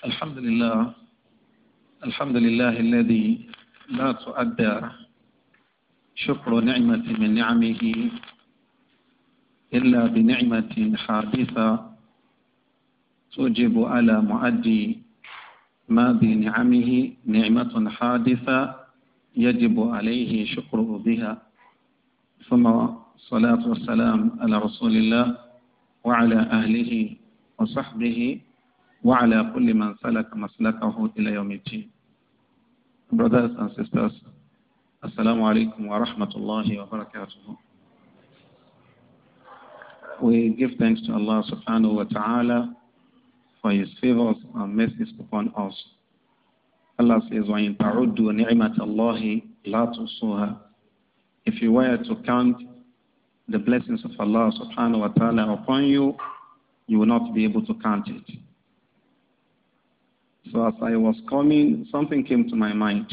الحمد لله الحمد لله الذي لا تؤدى شكر نعمة من نعمه إلا بنعمة حادثة توجب على مؤدي ما بنعمه نعمة حادثة يجب عليه شكره بها ثم الصلاة والسلام على رسول الله وعلى أهله وصحبه وعلى كل من سلك مسلكه إلى يوم الدين Brothers and sisters Assalamu alaikum wa rahmatullahi wa barakatuh We give thanks to Allah subhanahu wa ta'ala for his favors and mercies upon us. Allah says, وَإِن تَعُدُّوا نِعْمَةَ اللَّهِ لَا تُصُوَهَا." If you were to count the blessings of Allah subhanahu wa ta'ala upon you, you will not be able to count it. So as I was coming, something came to my mind.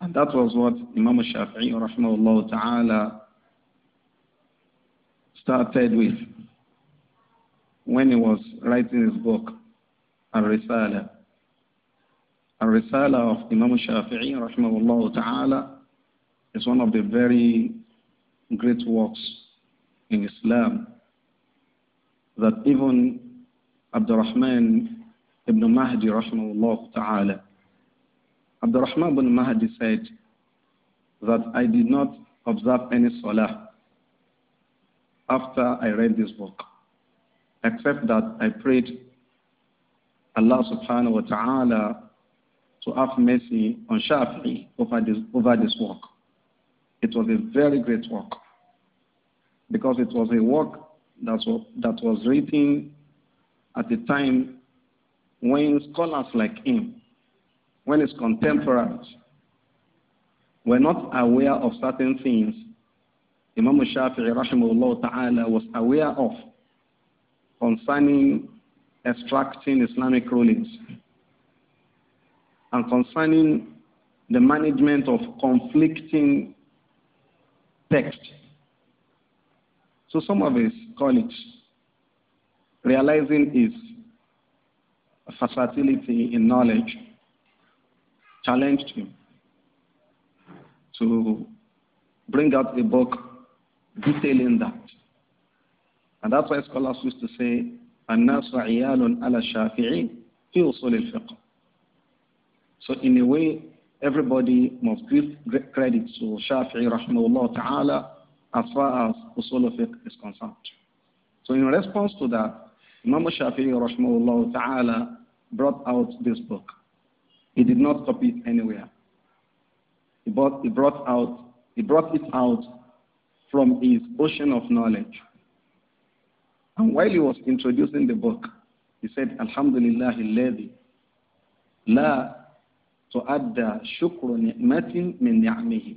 And that was what Imam Shafi'i rahimahullah ta'ala started with when he was writing his book, Al-Risala. Al-Risala of Imam Shafi'i rahimahullah ta'ala is one of the very great works in Islam that even Abdurrahman Ibn Mahdi rahimahullah ta'ala. Abdurrahman ibn Mahdi said that I did not observe any salah after I read this book, except that I prayed Allah subhanahu wa ta'ala to have mercy on Shafi'i over this, over this work. It was a very great work because it was a work that was, that was written at the time when scholars like him, when his contemporaries, were not aware of certain things Imam Shafi'i rahimahullah ta'ala was aware of concerning extracting Islamic rulings and concerning the management of conflicting texts. So some of his colleagues, realizing his Facility in knowledge challenged him to bring out a book detailing that. And that's why scholars used to say, iyalun ala على fi usul al-fiqh." So in a way, everybody must give credit to Shafi'i rahmahullah ta'ala as far as usul fiqh is concerned. So in response to that, Imam Shafi'i rahmahullah ta'ala brought out this book. He did not copy it anywhere. He, brought, he, brought out, he brought it out from his ocean of knowledge. And while he was introducing the book, he said, Alhamdulillah, la لا تؤدى شكر نعمة من نعمه.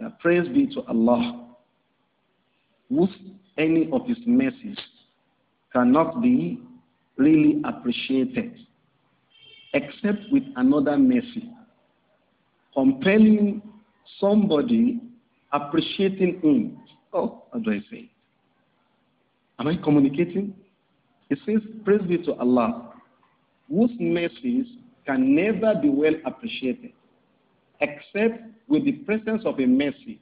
That praise be to Allah, whose any of his mercies cannot be really appreciated, except with another mercy, compelling somebody appreciating him. Oh, how do I say it? Am I communicating? It says, Praise be to Allah, whose mercies can never be well appreciated, except with the presence of a mercy,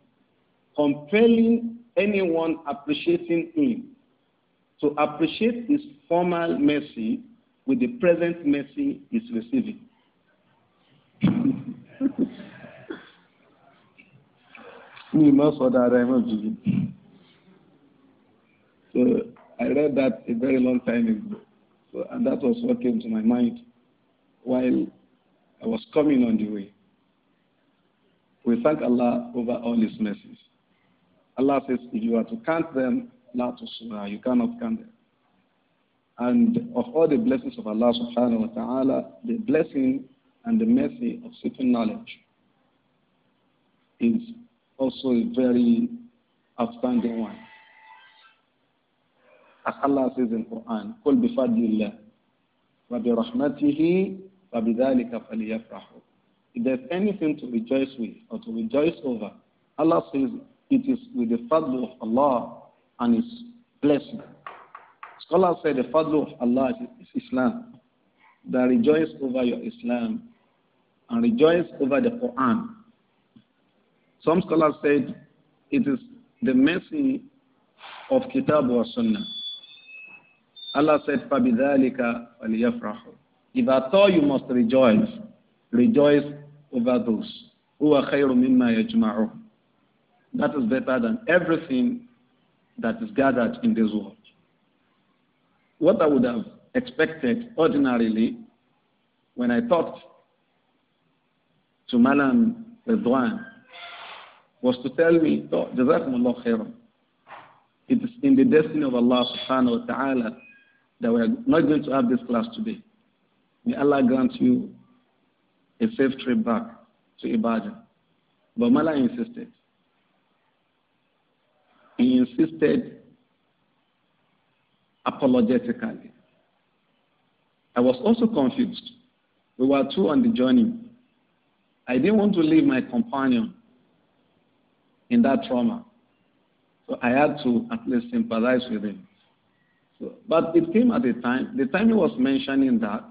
compelling anyone appreciating him to appreciate his former mercy with the present mercy he's receiving. So I read that a very long time ago. So, and that was what came to my mind while I was coming on the way. We thank Allah over all His mercies. Allah says, if you are to count them, la tusna. You cannot And of all the blessings of Allah subhanahu wa ta'ala, the blessing and the mercy of seeking knowledge is also a very outstanding one. As Allah says in Quran, قُلْ بِفَضْلِ اللَّهِ وَبِرَحْمَتِهِ فَبِذَلِكَ فَلْيَفْرَحُوا If there's anything to rejoice with or to rejoice over, Allah says it is with the fadl of Allah and His blessing. Scholars say the father of Allah is Islam. That rejoice over your Islam and rejoice over the Quran. Some scholars said it is the mercy of Kitab wa Sunnah. Allah said, فَبِذَٰلِكَ فَلْيَفْرَحُوا If at all you must rejoice, rejoice over those. who are That is better than everything that is gathered in this world. What I would have expected ordinarily when I talked to Malam Ridwan was to tell me, oh, Jazakumullah khairan. It is in the destiny of Allah subhanahu wa ta'ala that we are not going to have this class today. May Allah grant you a safe trip back to ibadah, But Malam insisted. He insisted apologetically. I was also confused. We were two on the journey. I didn't want to leave my companion in that trauma. So I had to at least sympathize with him. So, but it came at the time, the time he was mentioning that,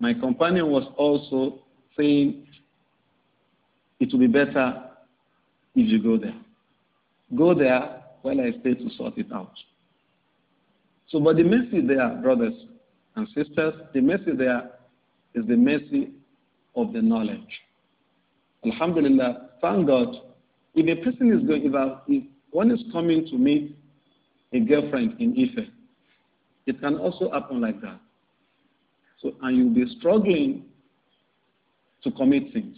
my companion was also saying, it would be better if you go there. Go there while I stay to sort it out. So, but the mercy there, brothers and sisters, the mercy there is the mercy of the knowledge. Alhamdulillah, thank God. If a person is going, if, if one is coming to meet a girlfriend in Ife, it can also happen like that. So, and you'll be struggling to commit things.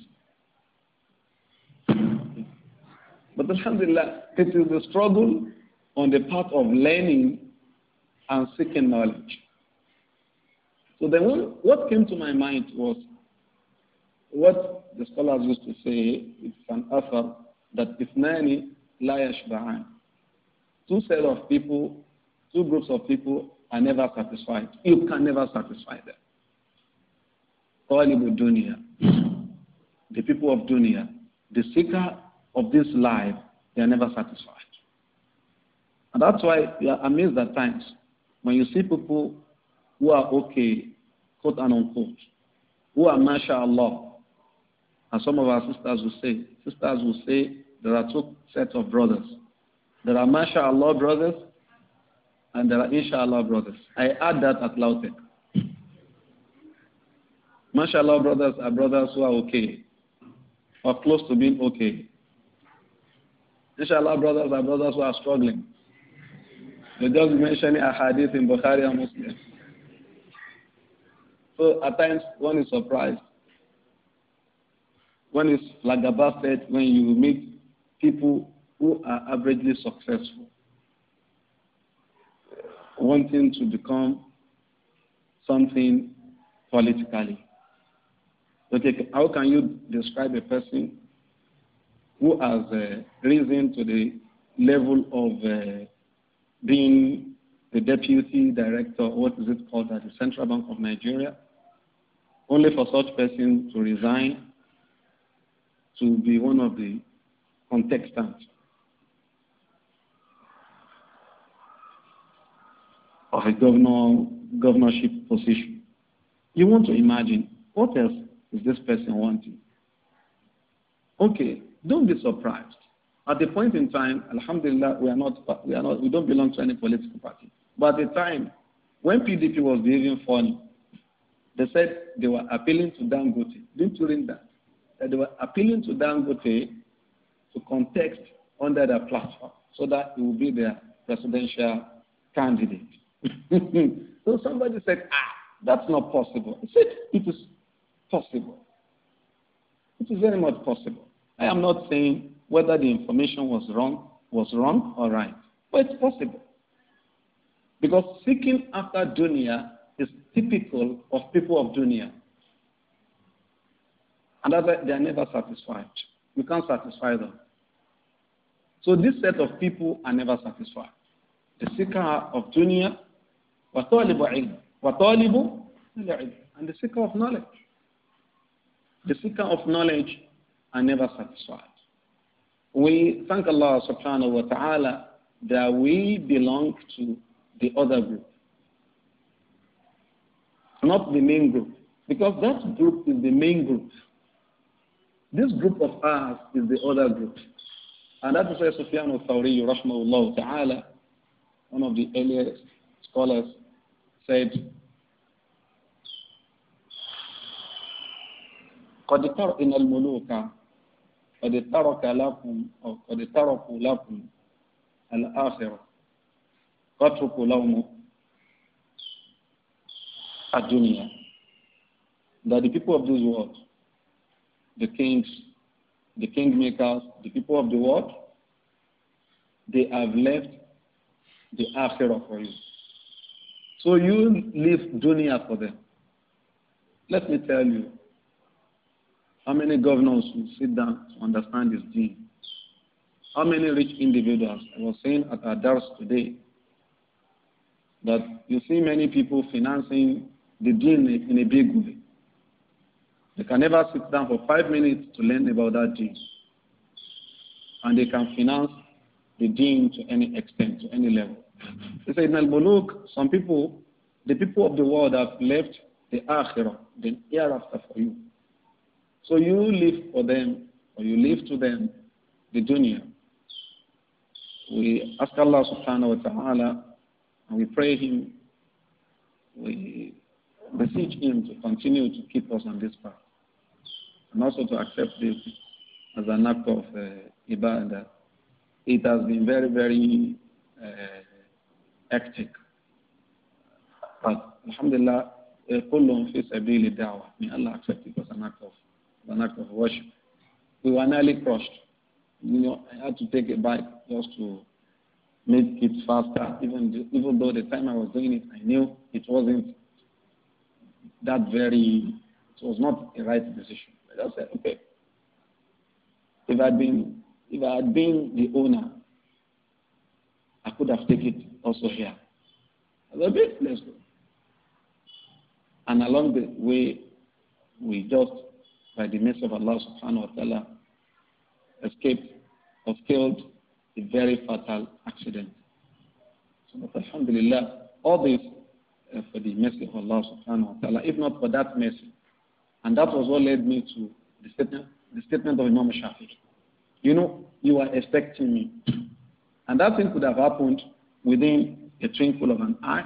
But alhamdulillah, it is a struggle on the path of learning and seeking knowledge. So then what came to my mind was what the scholars used to say, it's an offer that ifnani la behind. Two sets of people, two groups of people are never satisfied. You can never satisfy them. Talibu dunya, the people of dunya, the seeker of this life, they are never satisfied. And that's why we are amazed at times when you see people who are okay, quote and unquote, who are mashallah. And some of our sisters will say, sisters will say, there are two sets of brothers. There are mashallah brothers and there are inshallah brothers. I add that at Lautech. Mashallah brothers are brothers who are okay or close to being okay. Inshallah, brothers and brothers who are struggling. They just mentioning a hadith in Bukhari and Muslim. So at times one is surprised. One is like Abba said, when you meet people who are averagely successful, wanting to become something politically. Okay, how can you describe a person who has uh, risen to the level of uh, being the deputy director, what is it called, at the Central Bank of Nigeria. Only for such person to resign to be one of the contestants. Of a governor, governorship position. You want to imagine what else is this person wanting? Okay, don't be surprised. At the point in time, Alhamdulillah, we are not, we are not, we don't belong to any political party. But at the time when PDP was behaving funny, they said they were appealing to Dangote. Didn't you read that? That they were appealing to Dangote to contest under their platform so that he will be their presidential candidate. so somebody said, ah, that's not possible. I said, it is possible. It is very much possible. I am not saying whether the information was wrong, was wrong or right, but it's possible. Because seeking after dunya is typical of people of dunya. And that they are never satisfied. You can't satisfy them. So this set of people are never satisfied. The seeker of dunya, وَطَالِبُ And the seeker of knowledge. The seeker of knowledge are never satisfied. We thank Allah subhanahu wa ta'ala that we belong to the other group, not the main group, because that group is the main group. This group of us is the other group. And that is why Sufyan al-Thawri, rahmahullah ta'ala, one of the earliest scholars, said, قد قرئنا الملوك ọ̀dẹ̀ tárọ̀kà lákùn ọ̀dẹ̀ tárọ̀kù lákùn àlàáfẹ̀rọ̀ kọ́tùkù láwọn àdúnìyà. That the people of this world, the kings, the kingmakers, the people of the world, they have left the akhirah for you. So you leave dunya for them. Let me tell you, How many governors will sit down to understand this deen? How many rich individuals? I was saying at our Adars today that you see many people financing the deen in a big way. They can never sit down for five minutes to learn about that deen. And they can finance the deen to any extent, to any level. They say in Al Muluk, some people, the people of the world have left the akhirah, the hereafter for you. So you live for them, or you live to them the dunya. We ask Allah subhanahu wa ta'ala, and we pray Him, we beseech Him to continue to keep us on this path, and also to accept this as an act of uh, ibadah. It has been very, very uh, hectic. But Alhamdulillah, uh, May Allah accept it as an act of an act of worship. We were nearly crushed. You know, I had to take a bike just to make it faster. Even even though the time I was doing it, I knew it wasn't that very. It was not a right decision. I just said, okay. If I'd been if I had been the owner, I could have taken it also here. A little bit, let's go. And along the way, we just by the mercy of Allah subhanahu wa ta'ala, escaped or killed a very fatal accident. So, alhamdulillah, all this uh, for the mercy of Allah subhanahu wa ta'ala, if not for that mercy. And that was what led me to the statement, the statement of Imam Shafiq. You know, you are expecting me. And that thing could have happened within a twinkle of an eye,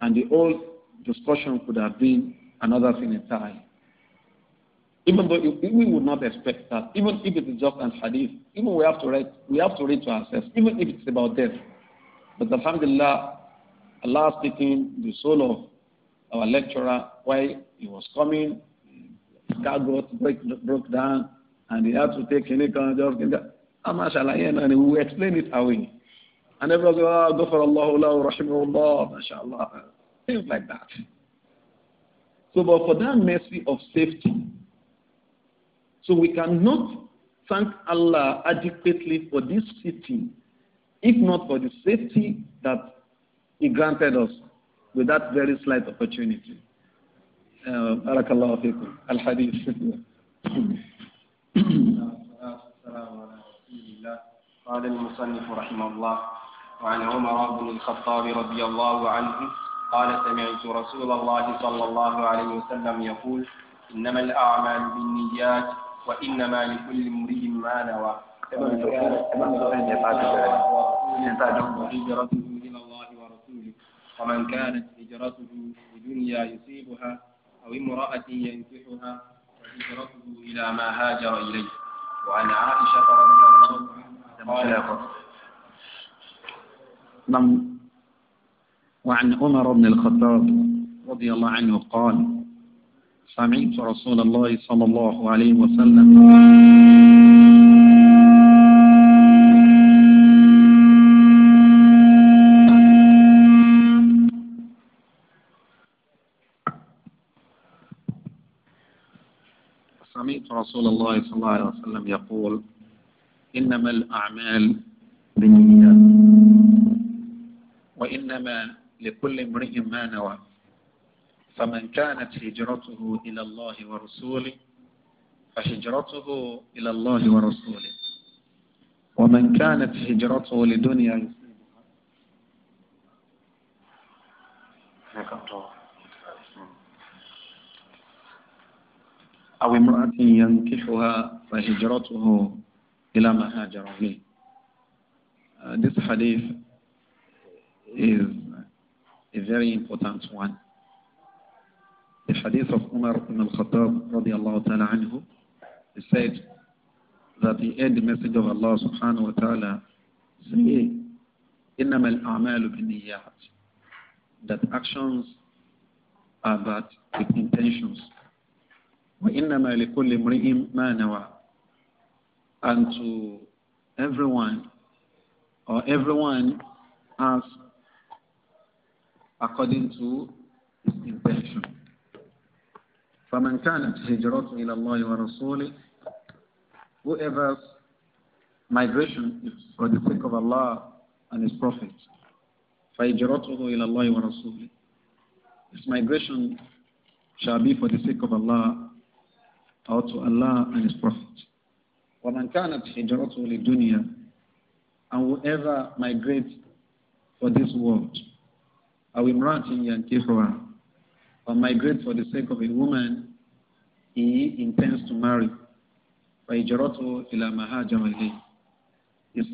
and the whole discussion could have been another thing entirely. Even though we would not expect that, even if it is just an hadith, even we have to read, we have to read to ourselves, even if it's about death. But Alhamdulillah, Allah speaking the soul of our lecturer while he was coming, his car got break, broke down, and he had to take any kind of job. Ah, mashallah, and he will explain it away. And everyone goes ah, go for Allah, Allah, rahimahullah, mashallah, things like that. So, but for that mercy of safety, so we cannot thank Allah adequately for this city, if not for the safety that He granted us with that very slight opportunity. Uh, Barakallahu قال المصنف رحمه الله وعن عمر بن الخطاب رضي الله عنه قال سمعت رسول الله صلى الله عليه وسلم يقول إنما الأعمال بالنيات وإنما لكل امرئ ما نوى آه، كان إلى الله ورسوله ومن كانت هجرته لدنيا يصيبها أو امرأة ينكحها فهجرته إلى ما هاجر إليه وعن عائشة رضي الله عنها قال نعم. وعن عمر بن الخطاب رضي الله عنه قال سمعت رسول الله صلى الله عليه وسلم سمعت رسول الله صلى الله عليه وسلم يقول إنما الأعمال بالنيات وإنما لكل امرئ ما نوى فمن كانت هجرته إلى الله ورسوله فهجرته إلى الله ورسوله ومن كانت هجرته لدنيا يصيبها أو امرأة ينكحها فهجرته إلى ما هاجر لي Uh, this hadith is a very important one. the hadith of Umar ibn al-Khattab radiallahu ta'ala anhu, he said that the end message of Allah subhanahu wa ta'ala say, إِنَّمَا الْأَعْمَالُ بِالنِّيَّاتِ That actions are but with intentions. وَإِنَّمَا لِكُلِّ مْرِئِمْ مَا نَوَى And to everyone, or everyone has according to his intention. فمن كانت هجرته إلى الله ورسوله whoever's migration is for the sake of Allah and His Prophet فهجرته إلى الله ورسوله his migration shall be for the sake of Allah or to Allah and His Prophet ومن كانت هجرته للدنيا and whoever migrates for this world أو امرأة ينكحها or migrate for the sake of a woman he intends to marry. His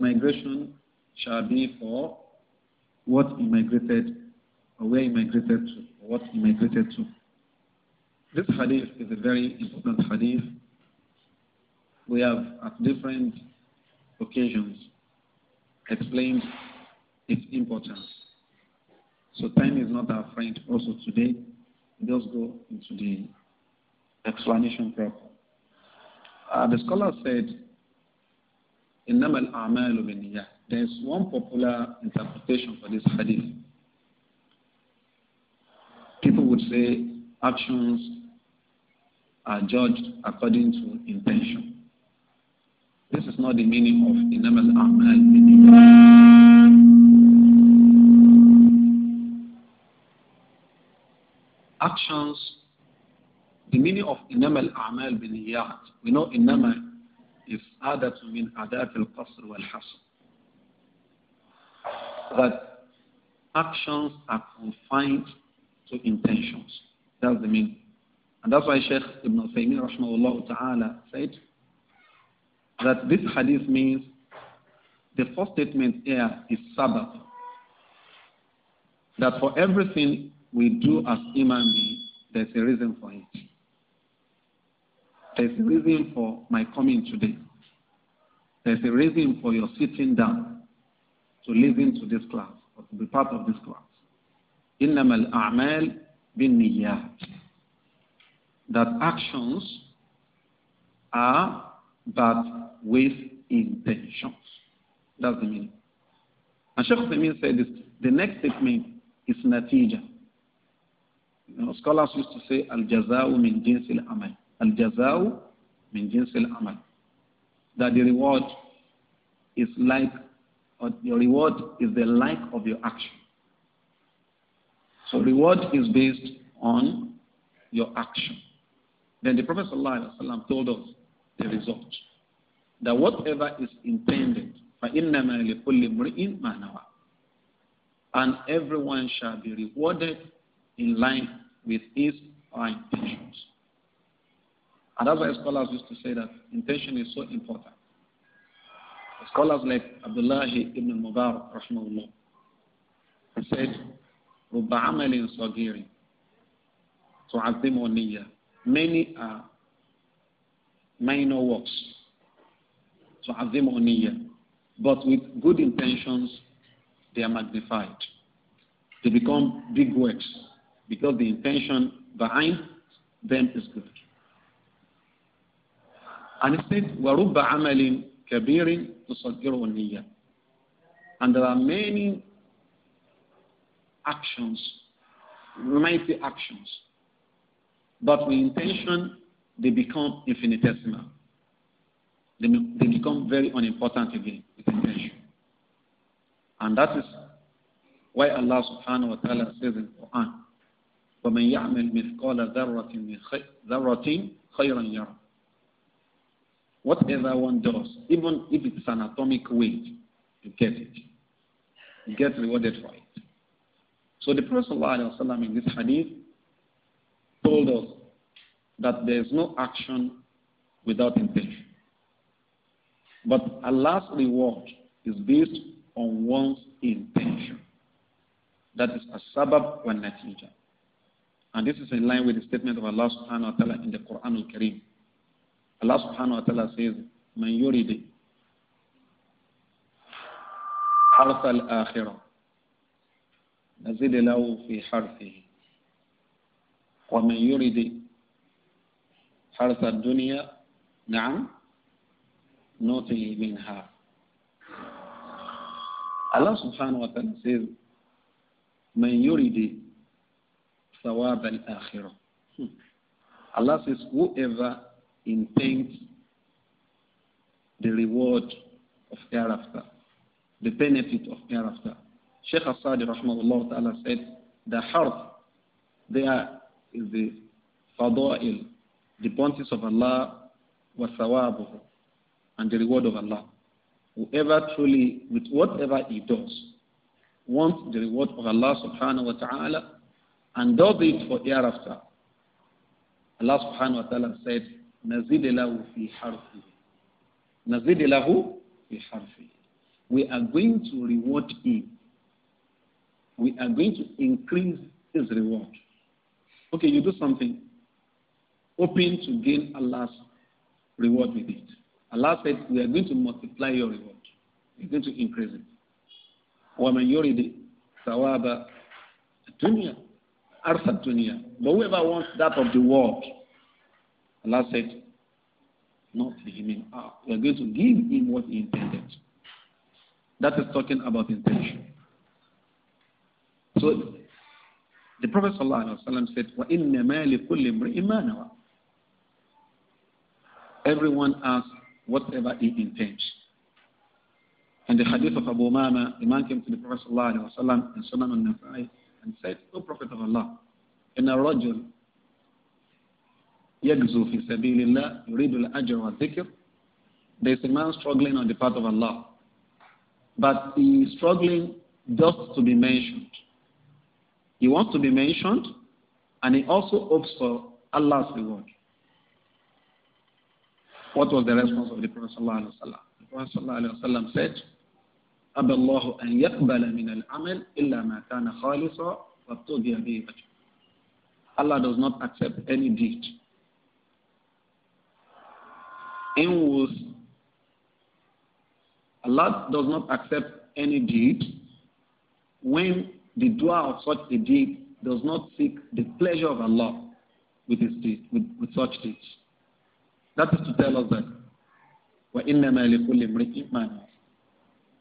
migration shall be for what he migrated, or where he migrated to, or what he migrated to. This hadith is a very important hadith. We have, at different occasions, explained its importance. So time is not our friend also today just go into the explanation proper. Uh, the scholar said, There is one popular interpretation for this hadith. People would say actions are judged according to intention. This is not the meaning of إِنَّمَا الْأَعْمَالُ بِالنِّيَّةِ actions, the meaning of إنما الأعمال بالنيات. We know إنما is عادة من عادات القصر والحصر. That actions are confined to intentions. That's the meaning. And that's why Sheikh Ibn Taymiyyah rahmahullah ta'ala said that this hadith means the first statement here is sabab. That for everything we do as human beings, there's a reason for it. There's a mm-hmm. reason for my coming today. There's a reason for your sitting down to listen to this class or to be part of this class. إنما الأعمال بالنيات. That actions are but with intentions. That's the meaning. And Sheikh Samin said this. The next statement is natija. You know, scholars used to say, Al-jaza'u min jinsil amal. Al-jaza'u min jinsil amal. That the reward is like, or your reward is the like of your action. So reward is based on your action. Then the Prophet ﷺ told us the result. That whatever is intended, فَإِنَّمَا لِكُلِّ مْرِئٍ in نَوَى And everyone shall be rewarded in line with his or intentions. And that's why scholars used to say that intention is so important. Scholars like Abdullah ibn Mubarak, rahimahullah, said, رُبَّ عَمَلٍ صَغِيرٍ تُعَظِّمُ نِيَّةً Many are minor works, تُعَظِّمُ نِيَّةً But with good intentions, they are magnified. They become big works because the intention behind them is good. And it says, وَرُبَّ عَمَلٍ كَبِيرٍ تُصَدِّرُهُ النِّيَّةِ And there are many actions, mighty actions, but with intention, they become infinitesimal. They, they become very unimportant again with intention. And that is why Allah subhanahu wa ta'ala says in Quran, ومن يعمل مثقال ذرة خيرا يرى whatever one does even if it's an atomic weight you get it you get rewarded for it so the Prophet ﷺ in this hadith told us that there is no action without intention but Allah's reward is based on one's intention that is a sabab wa natija and this is in line with the statement of Allah subhanahu wa ta'ala in the Quran al Kareem. Allah subhanahu wa ta'ala says, Man yurid حرث الآخرة نزل له في حرثه ومن يرد حرث الدنيا نعم نوته منها Allah subhanahu wa ta'ala says من يرد ثواب الآخرة. Hmm. Allah says, whoever intends the reward of hereafter, the benefit of hereafter. Sheikh Asadi rahmahullah ta'ala said, the heart there is the fada'il, the bounties of Allah, wa thawabuhu, and the reward of Allah. Whoever truly, with whatever he does, wants the reward of Allah subhanahu wa ta'ala and does it for hereafter. Allah subhanahu wa ta'ala said, نَزِيدِ لَهُ فِي حَرْفِهِ نَزِيدِ lahu fi harfi. We are going to reward him. We are going to increase his reward. Okay, you do something, hoping to gain Allah's reward with it. Allah said, We are going to multiply your reward. We're going to increase it. وَمَنْ يُرِدِ ثَوَابَ الدُّنْيَا arsa But whoever wants that of the world, Allah said, not him We are going to give him what he intended. That is talking about intention. So the Prophet ﷺ said, Everyone has whatever he intends. And the hadith of Abu Mama, the man came to the Prophet Allah and Sunan and Nafai and said, O Prophet of Allah, إن الرجل يجزو fi سبيل الله يريد الأجر والذكر There is a man struggling on the path of Allah, but he is struggling just to be mentioned. He wants to be mentioned, and he also hopes for Allah's reward. What was the response of the Prophet ﷺ? The Prophet said, أبى الله أن يقبل من العمل إلا ما كان خالصا وابتغي به وجهه Allah does not accept any deed in which Allah does not accept any deed when the doer of such a deed does not seek the pleasure of Allah with his deed, with, with such deeds. That is to tell us that وَإِنَّمَا لِكُلِّ امْرِئٍ مَا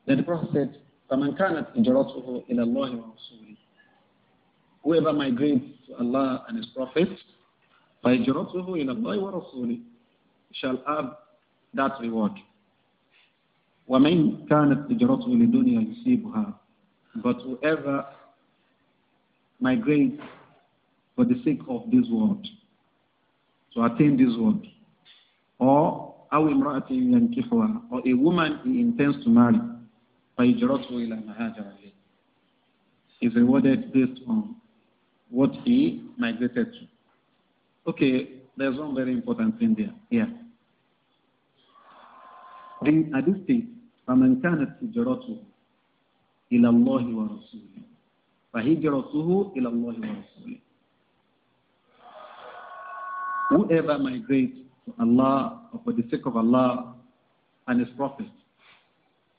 then the Prophet said, فَمَنْ كَانَتْ إِجْرَتُهُ إِلَى اللَّهِ وَرَسُولِهِ Whoever migrates to Allah and His Prophet, فَإِجْرَتُهُ إِلَى wa Rasuli shall have that reward. Wa وَمَنْ كَانَتْ إِجْرَتُهُ لِدُنْيَا يُصِيبُهَا But whoever migrates for the sake of this world, to attain this world, or أو امرأة ينكحها or a woman he intends to marry فَيُجْرَسُ إِلَى مَهَاجَرَ إِلَيْهِ Is rewarded based on what he migrated to. Okay, there's one very important thing there. Yeah. The hadith states, فَمَنْ كَانَتْ هِجْرَتُهُ إِلَى اللَّهِ وَرَسُولِهِ فَهِجْرَتُهُ إِلَى اللَّهِ وَرَسُولِهِ Whoever migrates to Allah for the sake of Allah and His Prophet,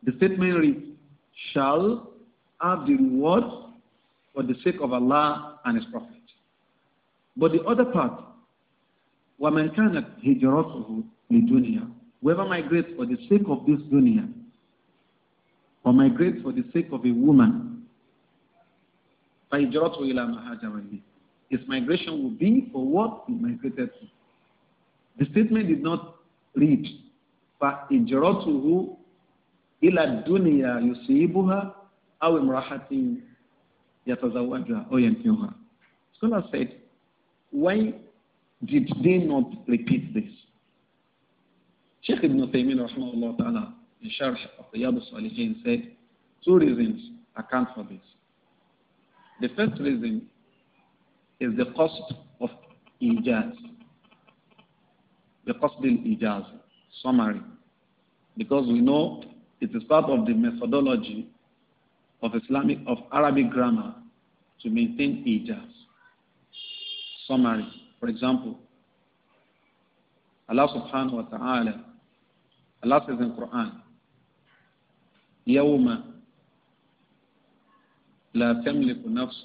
the statement reads, shall have the reward for the sake of Allah and His Prophet. But the other part, Whoever migrates for the sake of this dunya, or migrates for the sake of a woman, فَهِجْرَتُهُ إِلَى مَهَاجَرَ His migration will be for what he migrated to. The statement did not read فَهِجْرَتُهُ ila dunya yusibuha aw imra'atin yatazawwajuha oh, aw yankihuha. Scholar said, why did they not repeat this? Sheikh Ibn Taymiyyah rahimahullah ta'ala in Sharh of the al Salihin said, two reasons account for this. The first reason is the cost of ijaz. The cost of ijaz, summary. Because we know it is part of the methodology of Islamic of Arabic grammar to maintain ijaz. Summary, for example, Allah subhanahu wa ta'ala, Allah says in Quran, Yawma يَوْمَ لا تملك نفس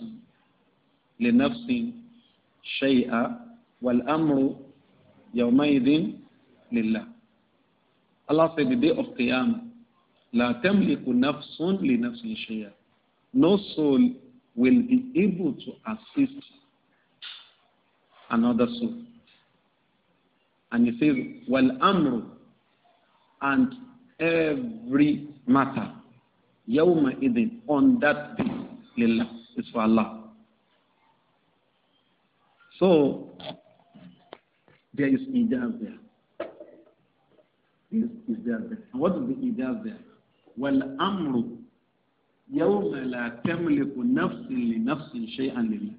wal amru yawma يومئذ لله Allah said the day of Qiyamah La tamliku nafsun li nafsin shay'a. No soul will be able to assist another soul. And he says, Wal amru, and every matter, yawma idin, on that day, lillah, is for Allah. So, there is ijaz there. Is, is there there? And what is the ijaz there? والأمر يوم لا تملك نفس لنفس شيئا لله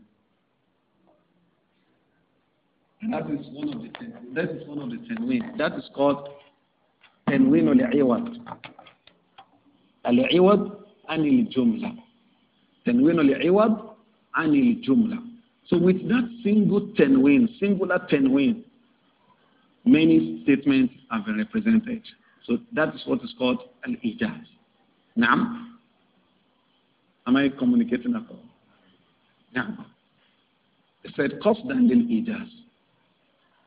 That is one of the ten, that is one of the tenwin. That is called tenwin al-iwad. Al-iwad anil jumla. Tenwin al-iwad anil jumla. So with that single tenwin, singular tenwin, many statements have been represented. So that is what is called al ijaz. Naam? Am I communicating at all? Naam. He said, Qasdan lil ijaz.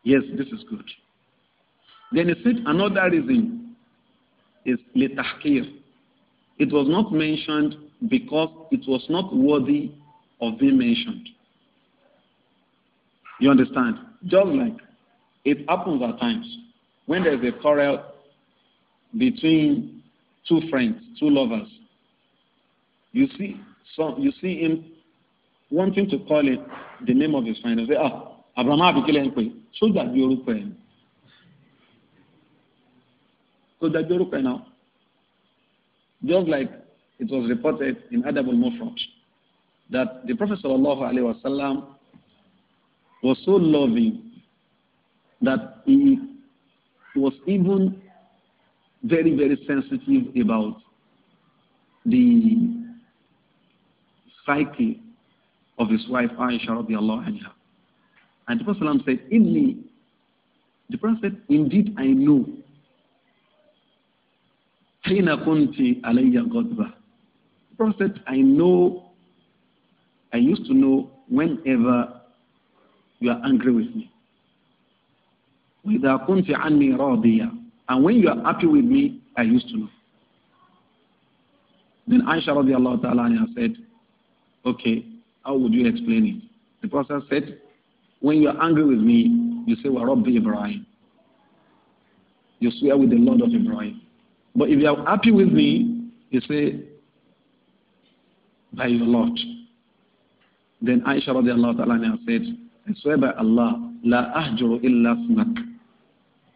Yes, this is good. Then he said another reason is litahkir. It was not mentioned because it was not worthy of being mentioned. You understand? Just like it happens at times when there is a quarrel between two friends, two lovers. You see, so you see him wanting to call it the name of his friend and say, Ah, Abraham Abikele Nkwe, so that you look him. So that you look now. Just like it was reported in Adab al Mufrad that the Prophet wasallam was so loving that he was even very, very sensitive about the psyche of his wife Aisha radiallahu anha. And the Prophet said, Inni, the Prophet said, indeed I know. Hina kunti alayya ghadba. The Prophet said, I know, I used to know whenever you are angry with me. وإذا كنت عني راضية and when you are happy with me, I used to know. Then Aisha ta'ala said, Okay, how would you explain it? The Prophet said, When you are angry with me, you say, Wa Ibrahim. You swear with the Lord of Ibrahim. But if you are happy with me, you say, By your Lord. Then Aisha radiallahu ta'ala said, I swear by Allah, La ahjuru illa smak.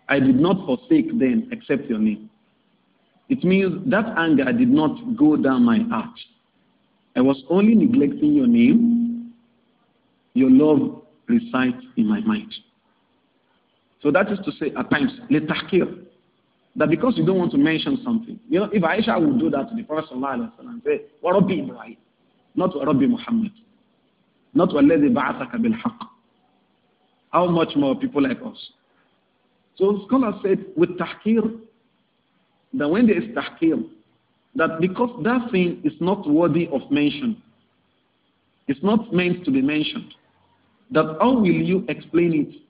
I did not forsake them except your name. It means that anger did not go down my heart. I was only neglecting your name. Your love resides in my mind. So that is to say, at times, letakir, that because you don't want to mention something, you know, if Aisha would do that to the Prophet and say, Warabi Ibrahim, not Warabi Muhammad, not Wallahi Ba'athaka bil Haqq. How much more people like us? So scholars said with taḥkīr that when there is is taḥkīr, that because that thing is not worthy of mention, it's not meant to be mentioned, that how will you explain it?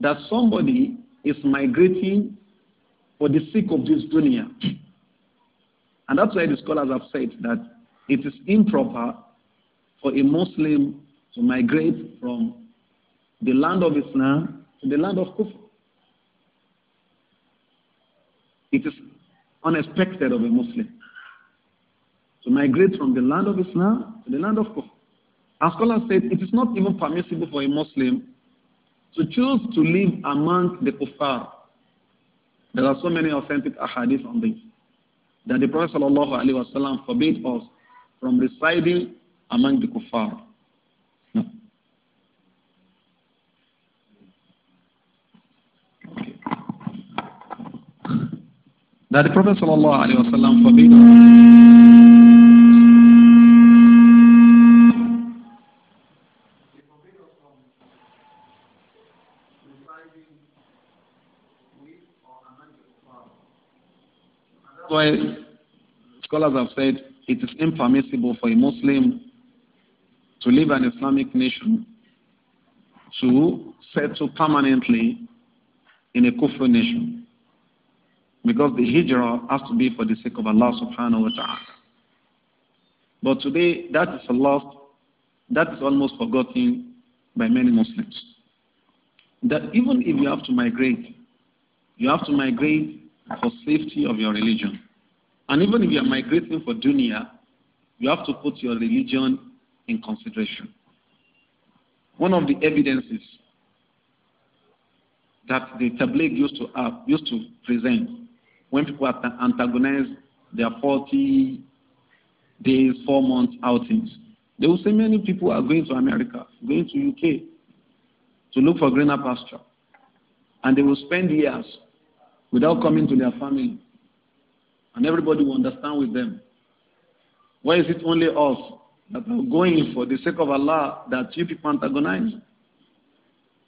That somebody is migrating for the sake of this dunya. And that's why the scholars have said that it is improper for a Muslim to migrate from the land of Islam to the land of Kufr. It is unexpected of a Muslim to migrate from the land of Islam to the land of Kufr. As scholars said, it is not even permissible for a Muslim to choose to live among the kuffar. There are so many authentic ahadith on this that the Prophet ﷺ forbade us from residing among the kuffar. that the Prophet sallallahu wasallam forbade why scholars have said it is impermissible for a Muslim to leave an Islamic nation to settle permanently in a Kufr nation. Because the hijrah has to be for the sake of Allah subhanahu wa ta'ala. But today, that is a lost, that is almost forgotten by many Muslims. That even if you have to migrate, you have to migrate for safety of your religion. And even if you are migrating for dunya, you have to put your religion in consideration. One of the evidences that the tabligh used to have, used to present when people are antagonize their 40 days, four months outings, they will say many people are going to America, going to UK to look for greener pasture. And they will spend years without coming to their family. And everybody will understand with them. Why is it only us that are going for the sake of Allah that you people antagonize?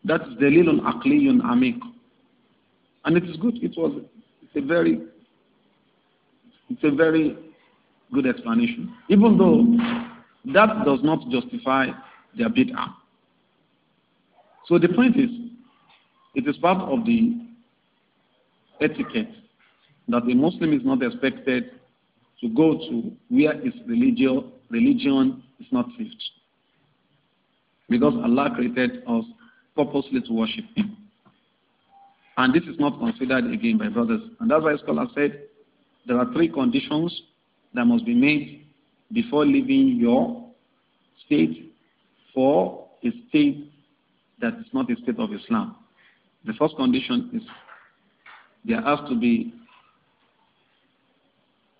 That is the on Aqliyun Amik. And it is good. It was it's a very, it's a very good explanation. Even though that does not justify their bid'ah. So the point is, it is part of the etiquette that a Muslim is not expected to go to where his religion, religion is not lived. Because Allah created us purposely to worship Him. And this is not considered again by brothers. And that's why scholars said there are three conditions that must be made before leaving your state for a state that is not a state of Islam. The first condition is there has to be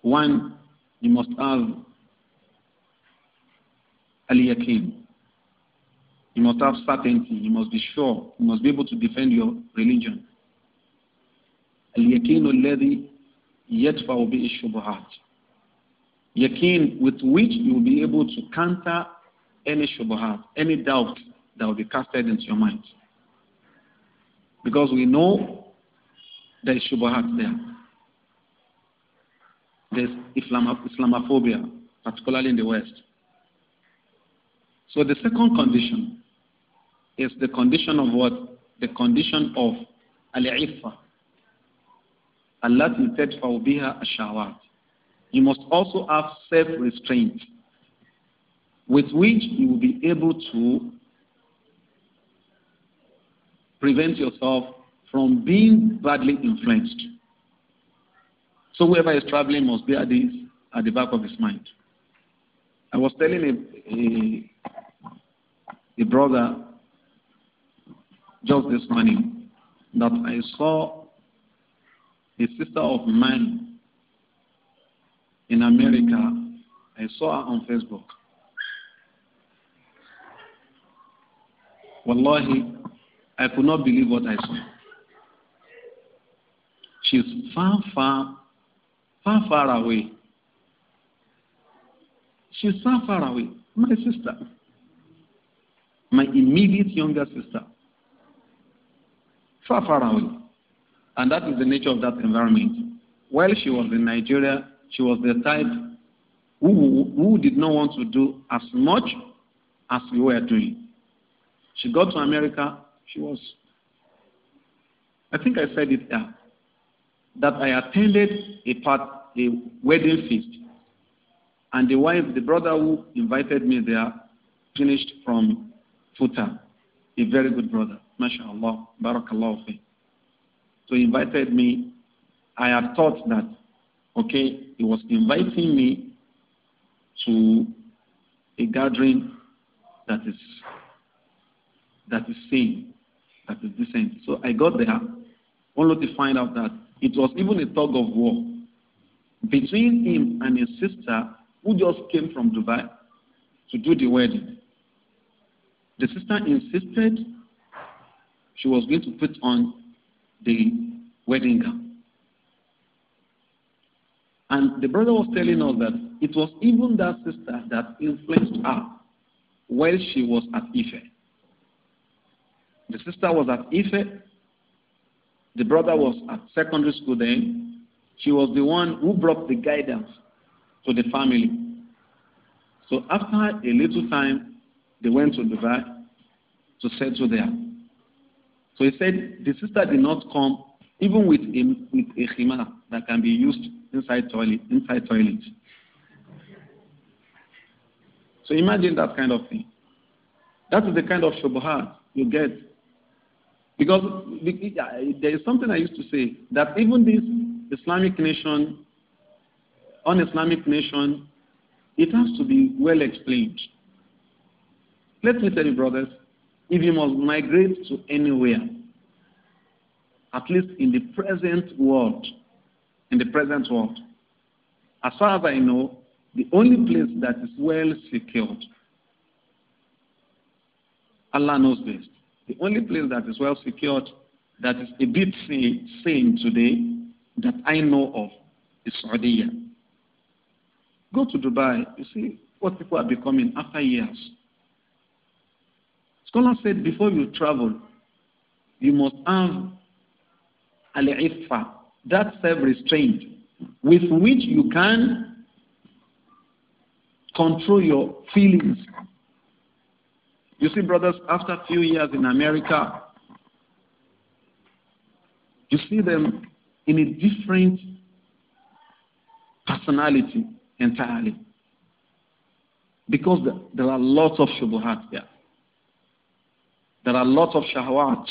one, you must have Aliyakim. You must have certainty. You must be sure. You must be able to defend your religion. اليقين الذي يدفع به الشبهات with which you will be able to counter any shubhat, any doubt that will be casted into your mind. Because we know there is shubhat there. There's Islamophobia, particularly in the West. So the second condition is the condition of what? The condition of al-iffa, التي تدفع بها الشهوات. You must also have self-restraint with which you will be able to prevent yourself from being badly influenced. So whoever is traveling must be at the, at the back of his mind. I was telling a, a, a brother just this morning that I saw a sister of mine in America. I saw her on Facebook. Wallahi, I could not believe what I saw. She's far, far, far, far away. She's far, far away. My sister. My immediate younger sister. Far, far away. And that is the nature of that environment. While she was in Nigeria, she was the type who, who did not want to do as much as we were doing. She got to America, she was, I think I said it there, uh, that I attended a part, a wedding feast. And the wife, the brother who invited me there, finished from Futa, a very good brother. MashaAllah, barakallahu fi. So he invited me. I had thought that, okay, he was inviting me to a gathering that is that is sane, that is decent. So I got there only to find out that it was even a tug of war between him and his sister who just came from Dubai to do the wedding. The sister insisted she was going to put on the wedding gown. And the brother was telling us that it was even that sister that influenced her while she was at Ife. The sister was at Ife. The brother was at secondary school then. She was the one who brought the guidance to the family. So after a little time, they went to Dubai to settle there. So he said the sister did not come even with a, with a that can be used inside toilet inside toilet. So imagine that kind of thing. That is the kind of shubha you get. Because there is something I used to say that even this Islamic nation, un Islamic nation, it has to be well explained. Let me tell you, brothers, if he must migrate to anywhere, at least in the present world, in the present world. As far as I know, the only place that is well secured, Allah knows best, the only place that is well secured, that is a bit sane today, that I know of, is Saudi. Go to Dubai, you see what people are becoming after years. Scholars said before you travel, you must have al that self-restraint, with which you can control your feelings. You see, brothers, after a few years in America, you see them in a different personality entirely. Because there are lots of shubuhat there. There are lots of shahwat.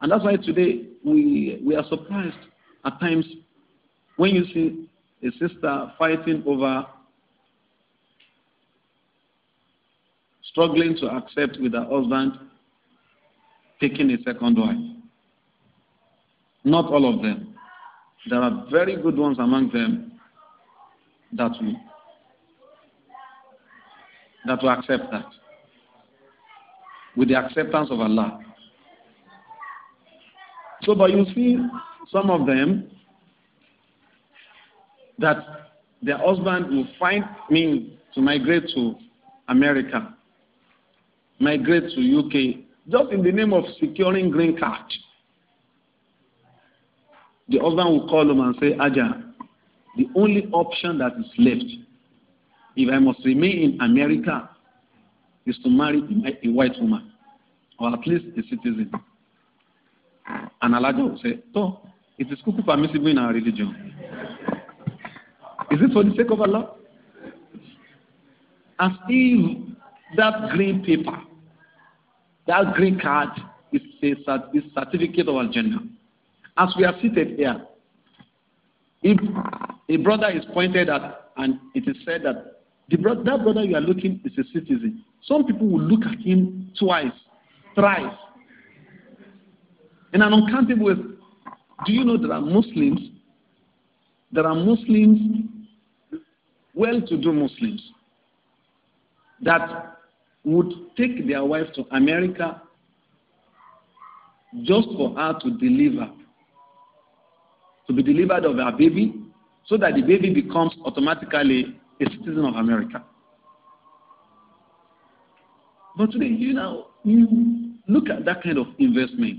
And that's why today we, we are surprised at times when you see a sister fighting over struggling to accept with her husband taking a second wife. Not all of them. There are very good ones among them that will that will accept that. with the acceptance of Allah. So, but you see some of them that their husband will find means to migrate to America, migrate to UK, just in the name of securing green card. The husband will call them and say, Aja, the only option that is left, if I must remain in America, is to marry a white woman or at least a citizen. And Elijah will say, So, it is cuckoo permissible in our religion. Is it for the sake of Allah? As if that green paper, that green card is a is certificate of al gender. As we are seated here, if a brother is pointed at and it is said that bro that brother you are looking is a citizen. Some people will look at him twice, thrice, in an uncountable way. Do you know there are Muslims? There are Muslims, well-to-do Muslims, that would take their wife to America just for her to deliver, to be delivered of her baby, so that the baby becomes automatically a citizen of America. But today, you know, you look at that kind of investment.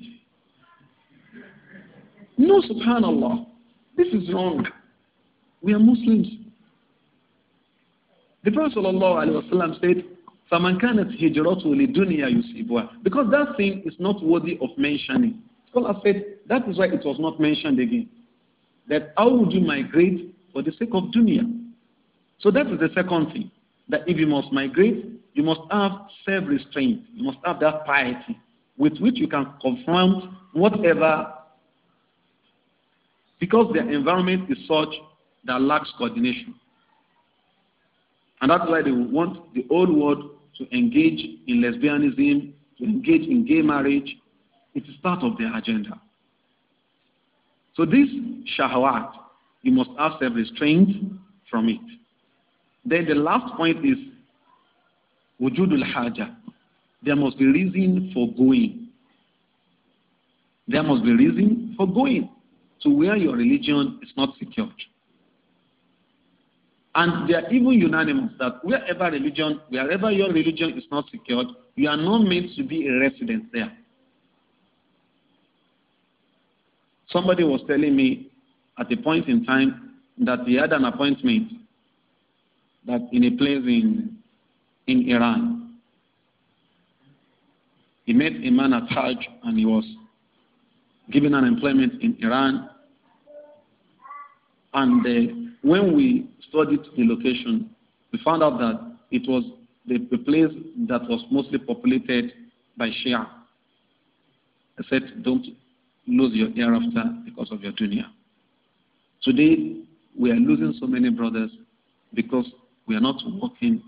No, subhanAllah, this is wrong. We are Muslims. The Prophet ﷺ said, فَمَنْ كَانَتْ هِجْرَةُ Because that thing is not worthy of mentioning. Scholars said, that is why it was not mentioned again. That how would you migrate for the sake of dunya? So that is the second thing. That if you must migrate, you must have self restraint. You must have that piety with which you can confront whatever. Because their environment is such that lacks coordination. And that's why they want the whole world to engage in lesbianism, to engage in gay marriage. It is part of their agenda. So this shahwat, you must have self restraint from it. Then the last point is wujudul haja. There must be reason for going. There must be reason for going to where your religion is not secured. And they are even unanimous that wherever religion, wherever your religion is not secured, you are not meant to be a resident there. Somebody was telling me at a point in time that he had an appointment that in a place in in Iran. He met a man at Hajj and he was given an employment in Iran. And uh, when we studied the location, we found out that it was the, the place that was mostly populated by Shia. I said, don't lose your after because of your dunya. Today, we are losing so many brothers because we are not working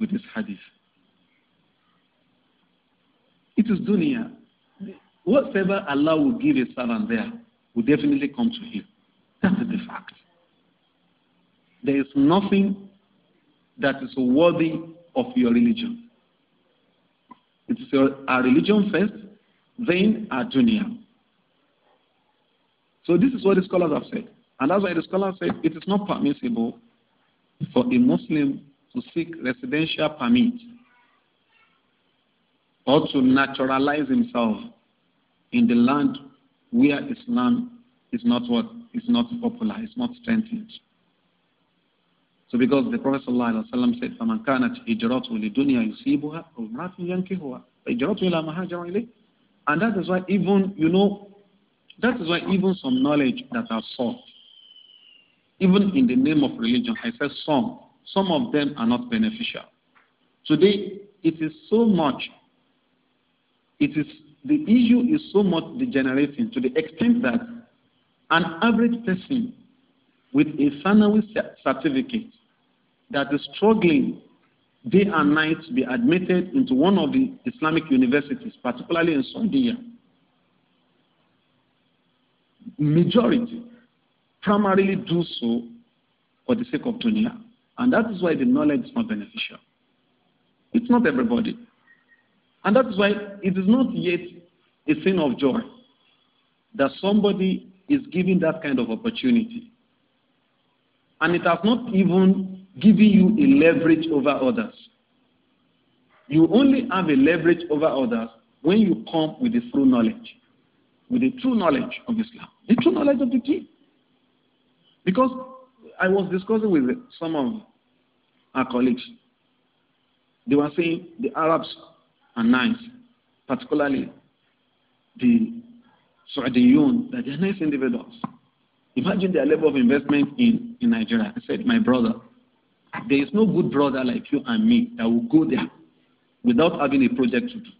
with this hadith. It is dunya. Whatever Allah will give a servant there will definitely come to him. That is the fact. There is nothing that is worthy of your religion. It is a our religion first, then our dunya. So this is what the scholars have said. And that's why the scholars said it is not permissible for a Muslim to seek residential permit or to naturalize himself in the land where Islam is not what is not popular, is not strengthened. So because the Prophet ﷺ said, فَمَنْ كَانَتْ هِجْرَةُ لِدُنْيَا يُصِيبُهَا وَمْرَاتٍ يَنْكِهُهَا فَهِجْرَةُ إِلَى مَهَاجَرَ إِلَيْهِ And that is why even, you know, that is why even some knowledge that I sought even in the name of religion. I said some. Some of them are not beneficial. Today, it is so much, it is, the issue is so much degenerating to the extent that an average person with a Sanawi certificate that is struggling day and night to be admitted into one of the Islamic universities, particularly in Saudi majority primarily do so for the sake of dunya. And that is why the knowledge is not beneficial. It's not everybody. And that is why it is not yet a sin of joy that somebody is given that kind of opportunity. And it has not even given you a leverage over others. You only have a leverage over others when you come with the true knowledge, with the true knowledge of Islam, the true knowledge of the deen. Because I was discussing with some of our colleagues. They were saying the Arabs are nice, particularly the Saudiyun, that they are nice individuals. Imagine their level of investment in, in Nigeria. I said, my brother, there is no good brother like you and me that will go there without having a project to do.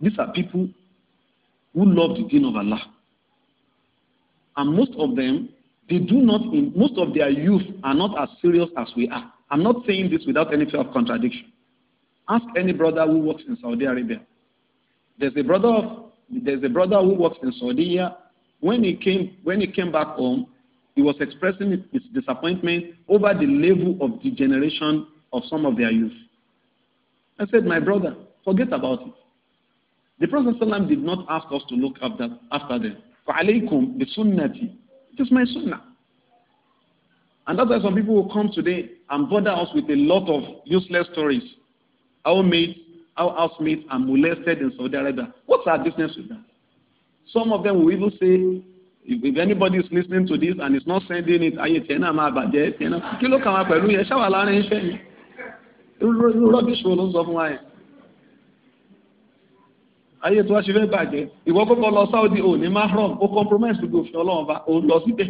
These are people who love the deen of Allah. And most of them, they do not, in, most of their youth are not as serious as we are. I'm not saying this without any fear of contradiction. Ask any brother who works in Saudi Arabia. There's a brother, of, there's a brother who works in Saudi Arabia. When he came, when he came back home, he was expressing his disappointment over the level of degeneration of some of their youth. I said, My brother, forget about it. The Prophet did not ask us to look after, after them. فَعَلَيْكُمْ بِسُنَّتِي Just my sunnah. And that's why some people will come today and bother us with a lot of useless stories. Our mates, our housemates are molested in Saudi Arabia. What's our business with that? Some of them will even say, if, if anybody is listening to this and is not sending it, are you? náà máa bàjẹ́ tiẹ̀ náà kí Rubbish wo ló ń ayé tí wọ́n ṣe fẹ́ bàjẹ́ ìwọ kọ́kọ́ lọ Saudi ò ní mahram ó compromise gbogbo òfin ọlọ́run bá ó lọ síbẹ̀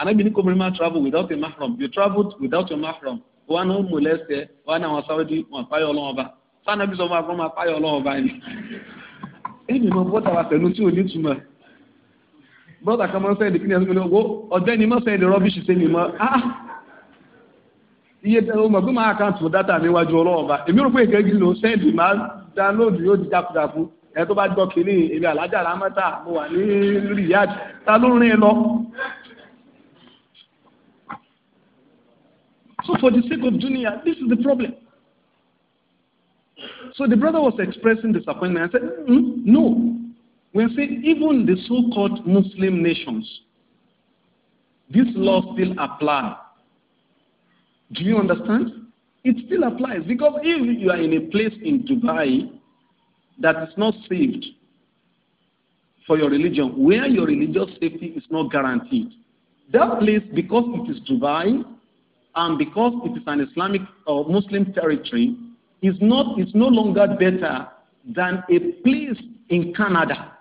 anábì ní kò mìíràn travel without a mahram you travel without your mahram wọn náà molest ẹ wọn náà wọn Saudi wọn fáyọ ọlọ́run bá sanni bí sọ fún akọ́ máa fáyọ ọlọ́run bá ni èmi mọ bọ́tà wa pẹ̀lú tí ò ní túmọ̀ bọ́tà kan máa ń sẹ́ẹ̀dì kíni ẹ̀sìn owó ọ̀jẹ́ ni máa ń sẹ́ẹ̀dì rọ́bìṣì sẹ́mi mọ́ ah, ah. iye tẹ́lẹ̀ mọ̀ pé máa kàn tún dátà níwájú ọlọ́run bá èmi rò pé ìkẹ́gì ló sẹ́ẹ̀dì máa dáńlóòdù yóò di jákujáku ẹ tó bá gbọ́ kínní èmi alájà rámọ́tà mo wà ní Riyadh ta ló rìn lọ. So for the sake of junior, this is the problem. So the brother was expressing disappointment. I said, mm, no. We say even the so-called Muslim nations, this law still applies. Do you understand? It still applies because if you are in a place in Dubai that is not saved for your religion, where your religious safety is not guaranteed. That place, because it is Dubai and because it is an Islamic or Muslim territory, is not its no longer better than a place in Canada.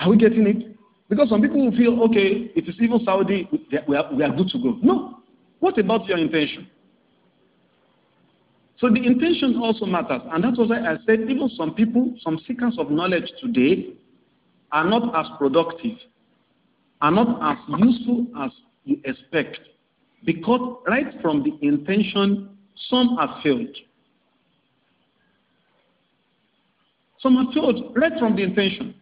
Are we getting it? Because some people will feel, okay, if it's even Saudi, we are, we are good to go. No. What about your intention? So the intention also matters. And that's why I said even some people, some seekers of knowledge today, are not as productive, are not as useful as you expect. Because right from the intention, some have failed. Some have failed right from the intention.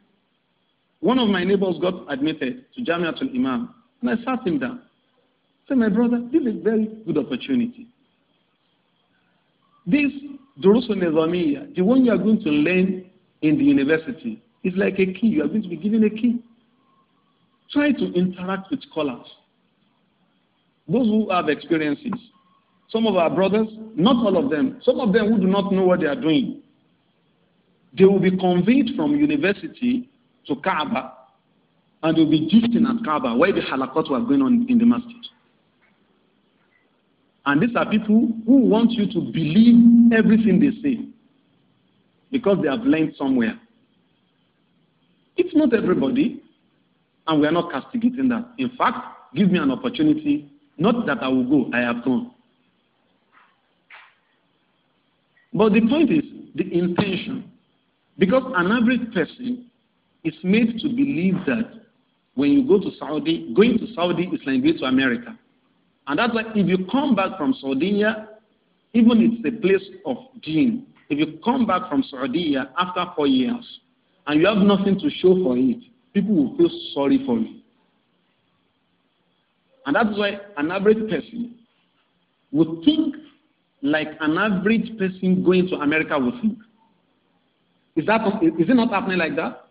One of my neighbors got admitted to Jamiatul Imam, and I sat him down. I said, my brother, this is a very good opportunity. This Jerusalem the one you are going to learn in the university, is like a key. You are going to be given a key. Try to interact with scholars. Those who have experiences. Some of our brothers, not all of them, some of them who do not know what they are doing, they will be conveyed from university to Kaaba and they'll be gifting at Kaaba where the halakot were going on in the masjid. And these are people who want you to believe everything they say because they have learned somewhere. It's not everybody, and we are not castigating that. In fact, give me an opportunity, not that I will go, I have gone. But the point is the intention. Because an average person is made to believe that when you go to Saudi, going to Saudi is like going to America. And that's why if you come back from Saudi, even it's a place of dream. if you come back from Saudi after four years and you have nothing to show for it, people will feel sorry for you. And that's why an average person would think like an average person going to America would think. Is, that, is it not happening like that?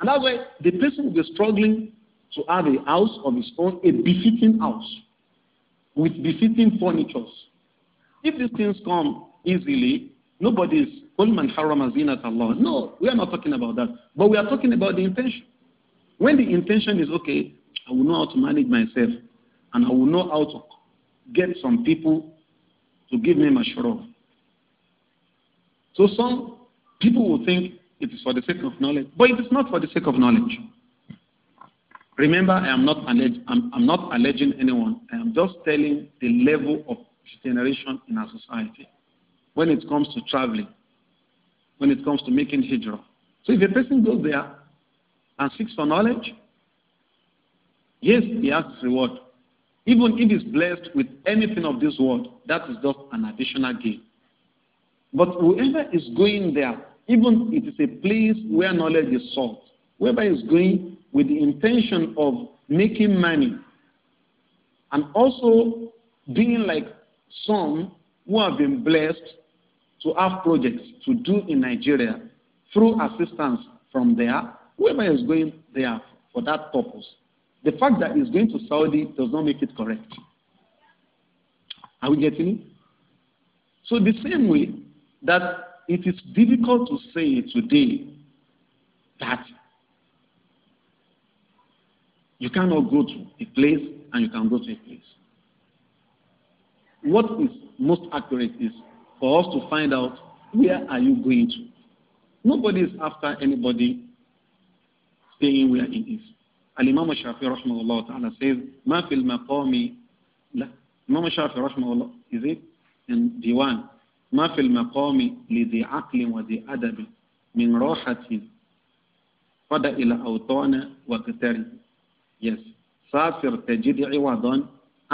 And that's why the person will be struggling to have a house of his own, a befitting house with befitting furnitures. If these things come easily, nobody's man haram at Allah. No, we are not talking about that. But we are talking about the intention. When the intention is okay, I will know how to manage myself and I will know how to get some people to give me my shurah. So some people will think it is for the sake of knowledge, but it is not for the sake of knowledge. Remember, I am not, I'm, I'm not alleging anyone. I am just telling the level of generation in our society when it comes to traveling, when it comes to making hijrah. So if a person goes there and seeks for knowledge, yes, he has reward. Even if he's blessed with anything of this world, that is just an additional gain. But whoever is going there, even if it is a place where knowledge is sought, whoever is going with the intention of making money and also being like some who have been blessed to have projects to do in Nigeria through assistance from there, whoever is going there for that purpose. The fact that he's going to Saudi does not make it correct. Are we getting it? So, the same way that it is difficult to say today that you cannot go to a place and you can go to a place. What is most accurate is for us to find out where are you going to. Nobody is after anybody staying where is. is. Al-Imam Shafi rahmahullah ta'ala says, ما في المقام لا Imam Shafi rahmahullah is it in Diwan ما في المقام لذي عقل وذي أدب من راحة فدأ إلى أوطان وكتري yes sáfìr tẹ̀jídì ìwàdán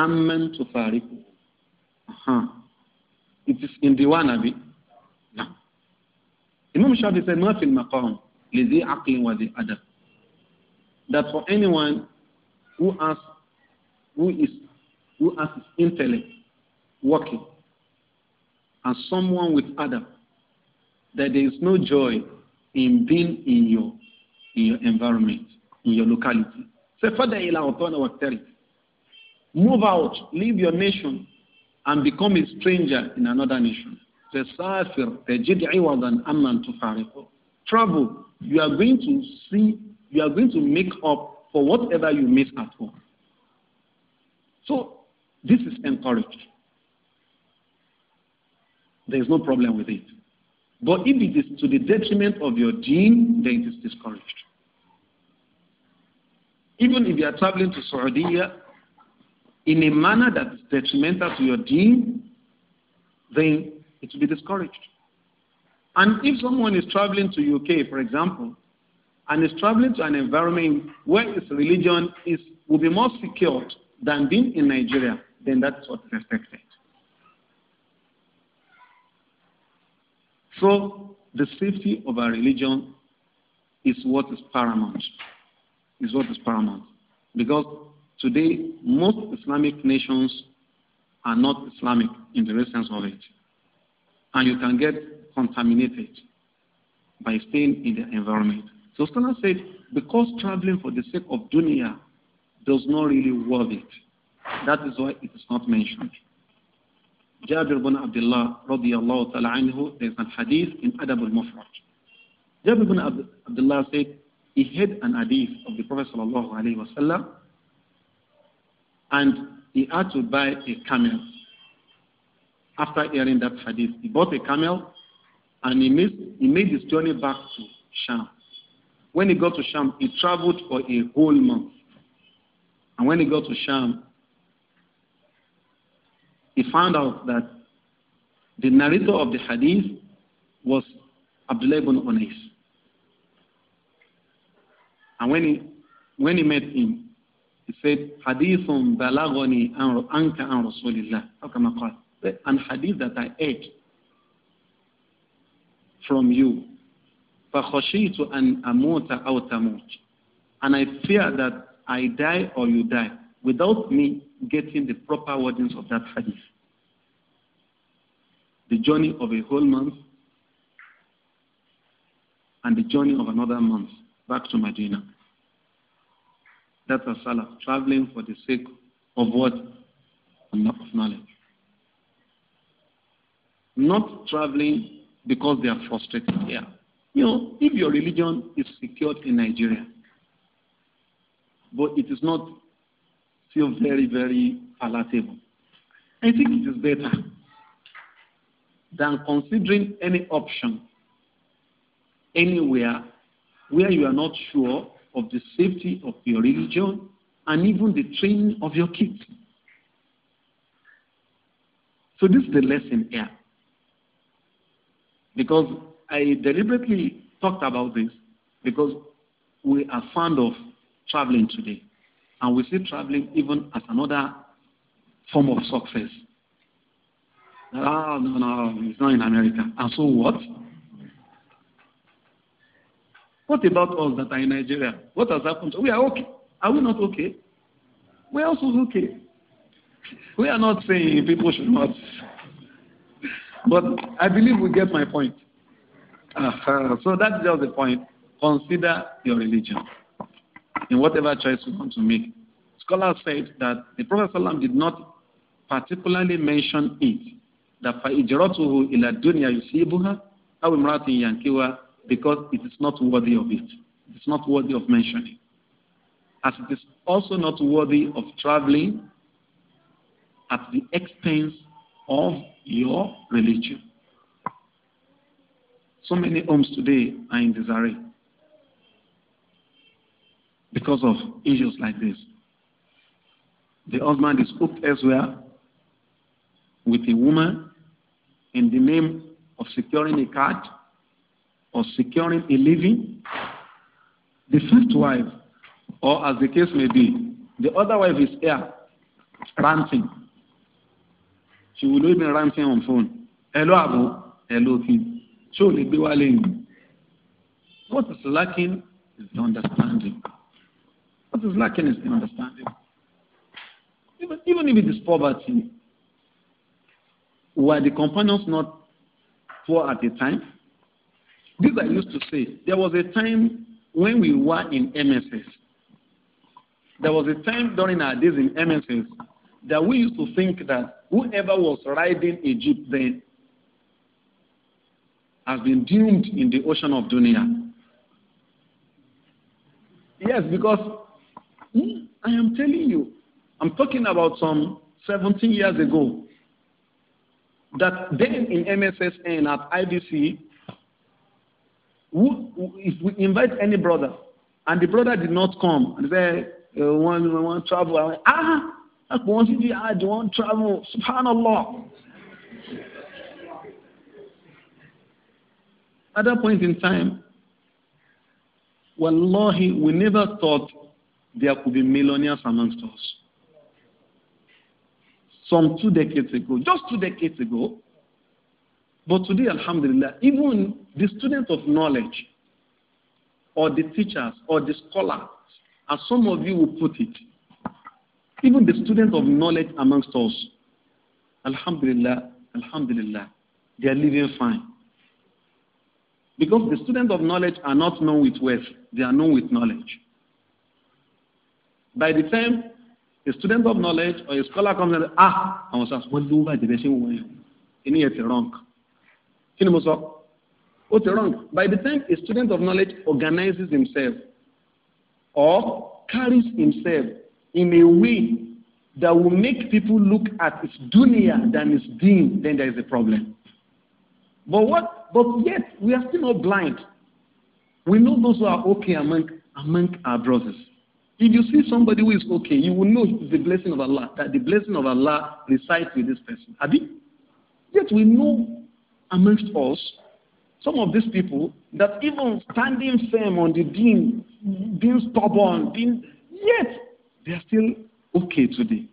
amẹ́n tó fàárí it is in the one Now, na imam shafi said not in maqam li dhi wa dhi adab that for anyone who has who is who has his intellect working and someone with adab that there is no joy in being in your in your environment in your locality Say, Father, move out, leave your nation, and become a stranger in another nation. Travel, you are going to see, you are going to make up for whatever you miss at home. So, this is encouraged. There is no problem with it. But if it is to the detriment of your deen, then it is discouraged even if you are traveling to Saudi in a manner that is detrimental to your deen, then it will be discouraged. And if someone is traveling to UK, for example, and is traveling to an environment where his religion is will be more secured than being in Nigeria, then that's what is expected. So the safety of our religion is what is paramount is what is paramount. Because today, most Islamic nations are not Islamic in the real sense of it. And you can get contaminated by staying in the environment. So Stana said, because traveling for the sake of dunya does not really worth it. That is why it is not mentioned. Jabir bin Abdullah radiallahu ta'ala anhu, there is a hadith in Adab al-Mufraj. Jabir bin Abdullah said, he heard an hadith of the Prophet sallallahu alaihi wasallam, and he had to buy a camel. After hearing that hadith, he bought a camel, and he made he made his journey back to Sham. When he got to Sham, he traveled for a whole month, and when he got to Sham, he found out that the narrator of the hadith was Abdullah ibn Unais. And when he, when he met him, he said, Hadithun balagoni anka an Rasulillah. How come I call? And hadith that I ate from you. فَخَشِيتُ أَنْ أَمُوتَ أَوْ تَمُوتَ And I fear that I die or you die without me getting the proper wordings of that hadith. The journey of a whole month and the journey of another month back to Medina. That's a salaf, traveling for the sake of what? Of knowledge. Not traveling because they are frustrated here. You know, if your religion is secured in Nigeria, but it is not still very, very palatable, I think it is better than considering any option anywhere where you are not sure of the safety of your religion and even the training of your kids. So this is the lesson here. Because I deliberately talked about this because we are fond of traveling today. And we see traveling even as another form of success. Ah, no, no, it's not in America. And so what? What about us that are in Nigeria? What has happened? We are okay. Are we not okay? We are also okay. We are not saying people should not. But I believe we get my point. Uh, so that's just the point. Consider your religion in whatever choice you want to make. Scholars said that the Prophet ﷺ did not particularly mention it. That فَإِجْرَتُهُ إِلَى الدُّنْيَا يُسِيبُهَا أَوْ إِمْرَاتٍ يَنْكِوَا because it is not worthy of it. It is not worthy of mentioning. As it is also not worthy of traveling at the expense of your religion. So many homes today are in disarray because of issues like this. The husband is hooked elsewhere with a woman in the name of securing a card or securing a living, the first wife, or as the case may be, the other wife is here, ranting. She will be ranting on phone. Hello, Abu. Hello, King. Surely, be willing. What is lacking is the understanding. What is lacking is the understanding. Even, even if it is poverty, were the companions not poor at the time? This I used to say. There was a time when we were in MSS. There was a time during our days in MSS that we used to think that whoever was riding a jeep then has been doomed in the ocean of dunya. Yes, because I am telling you, I'm talking about some 17 years ago, that then in MSSN at IBC, who, if we invite any brother and the brother did not come and say, uh, eh, one, one travel, I went, ah, I want to do, I don't travel, subhanallah. At that point in time, wallahi, we never thought there could be millionaires amongst us. Some two decades ago, just two decades ago, but today, alhamdulillah, even the student of knowledge, or the teachers, or the scholar, as some of you will put it, even the student of knowledge amongst us, alhamdulillah, alhamdulillah, they are living fine. Because the students of knowledge are not known with wealth, they are known with knowledge. By the time a student of knowledge or a scholar comes and ah, I was asked, what do you do? They you wrong. kí ni mo sọ ó ti wrong by the time a student of knowledge organizes himself or carries himself in a way that will make people look at his dunya than his deen, then there is a problem. But what? But yet we are still not blind. We know those who are okay among among our brothers. If you see somebody who is okay, you will know it's the blessing of Allah. That the blessing of Allah resides with this person. Abi? Yet we know amongst us some of these people that even standing firm on the dean, being stubborn, being yet they are still okay today.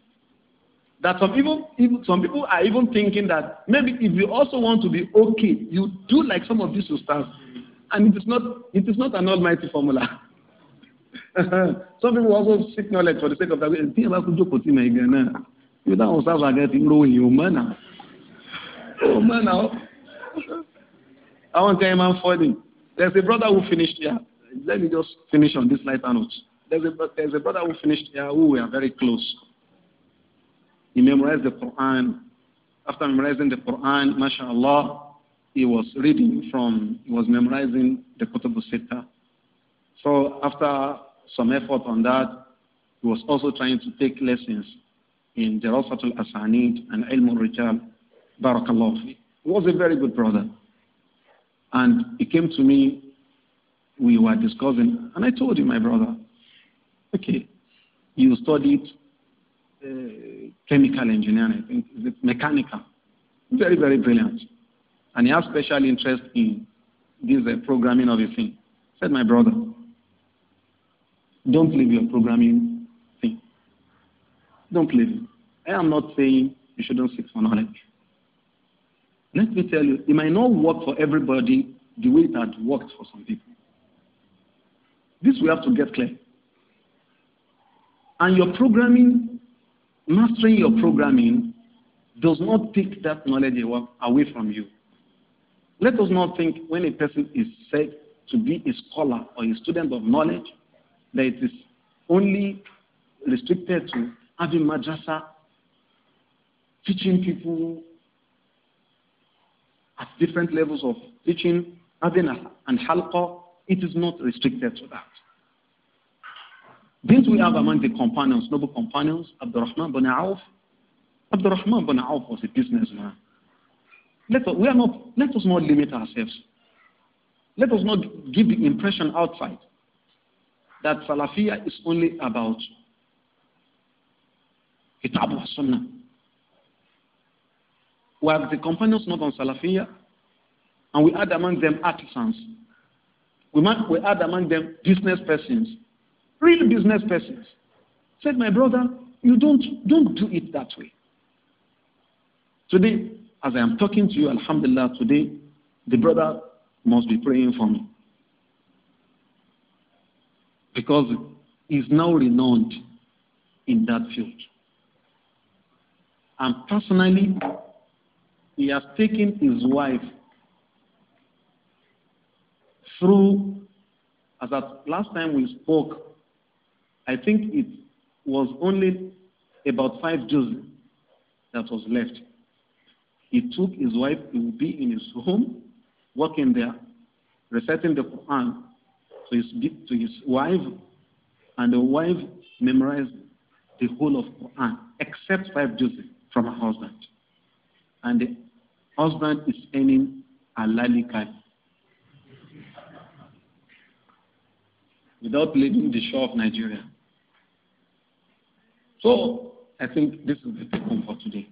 That some people, even, some people are even thinking that maybe if you also want to be okay, you do like some of these sisters, and it is not it is not an almighty formula. some people also seek knowledge for the sake of that. Eh? You don't observe again, you know, human. Ah. Your now. I want to tell him I'm ni there's a brother who finished here let me just finish on this lighter note there's a there's a brother who finished here who we are very close he memorized the Quran after memorizing the Quran mashallah he was reading from he was memorizing the Qutb sittah so after some effort on that he was also trying to take lessons in Jarasat al-Asanid and Ilm al-Rijal Barakallahu was a very good brother. And he came to me, we were discussing, and I told him, my brother, okay, you studied uh, chemical engineering, I think, mechanical. Very, very brilliant. And he has special interest in this uh, programming of a thing. Said my brother, don't leave your programming thing. Don't leave it. I am not saying you shouldn't seek for knowledge. Let me tell you, it might not work for everybody the way it had worked for some people. This we have to get clear. And your programming, mastering your programming, does not take that knowledge away from you. Let us not think when a person is said to be a scholar or a student of knowledge that it is only restricted to having madrasa, teaching people at different levels of teaching, having and halqa, it is not restricted to that. These we have among the companions, noble companions, Abdurrahman bin Auf. Abdurrahman bin Auf was a businessman. Let us, we are not, let us not limit ourselves. Let us not give the impression outside that Salafia is only about Kitab wa Sunnah. Were the companions not on Salafiyah? And we had among them artisans. We, we had among them business persons. Real business persons. Said, my brother, you don't, don't do it that way. Today, as I am talking to you, Alhamdulillah, today, the brother must be praying for me. Because he's now renowned in that field. And personally, he has taken his wife through, as at last time we spoke, I think it was only about five juz that was left. He took his wife, he would be in his home, working there, reciting the Quran to his, to his wife, and the wife memorized the whole of Quran, except five juz from her husband. And the husband is earning a cash without leaving the shore of Nigeria. So I think this is the take home for today.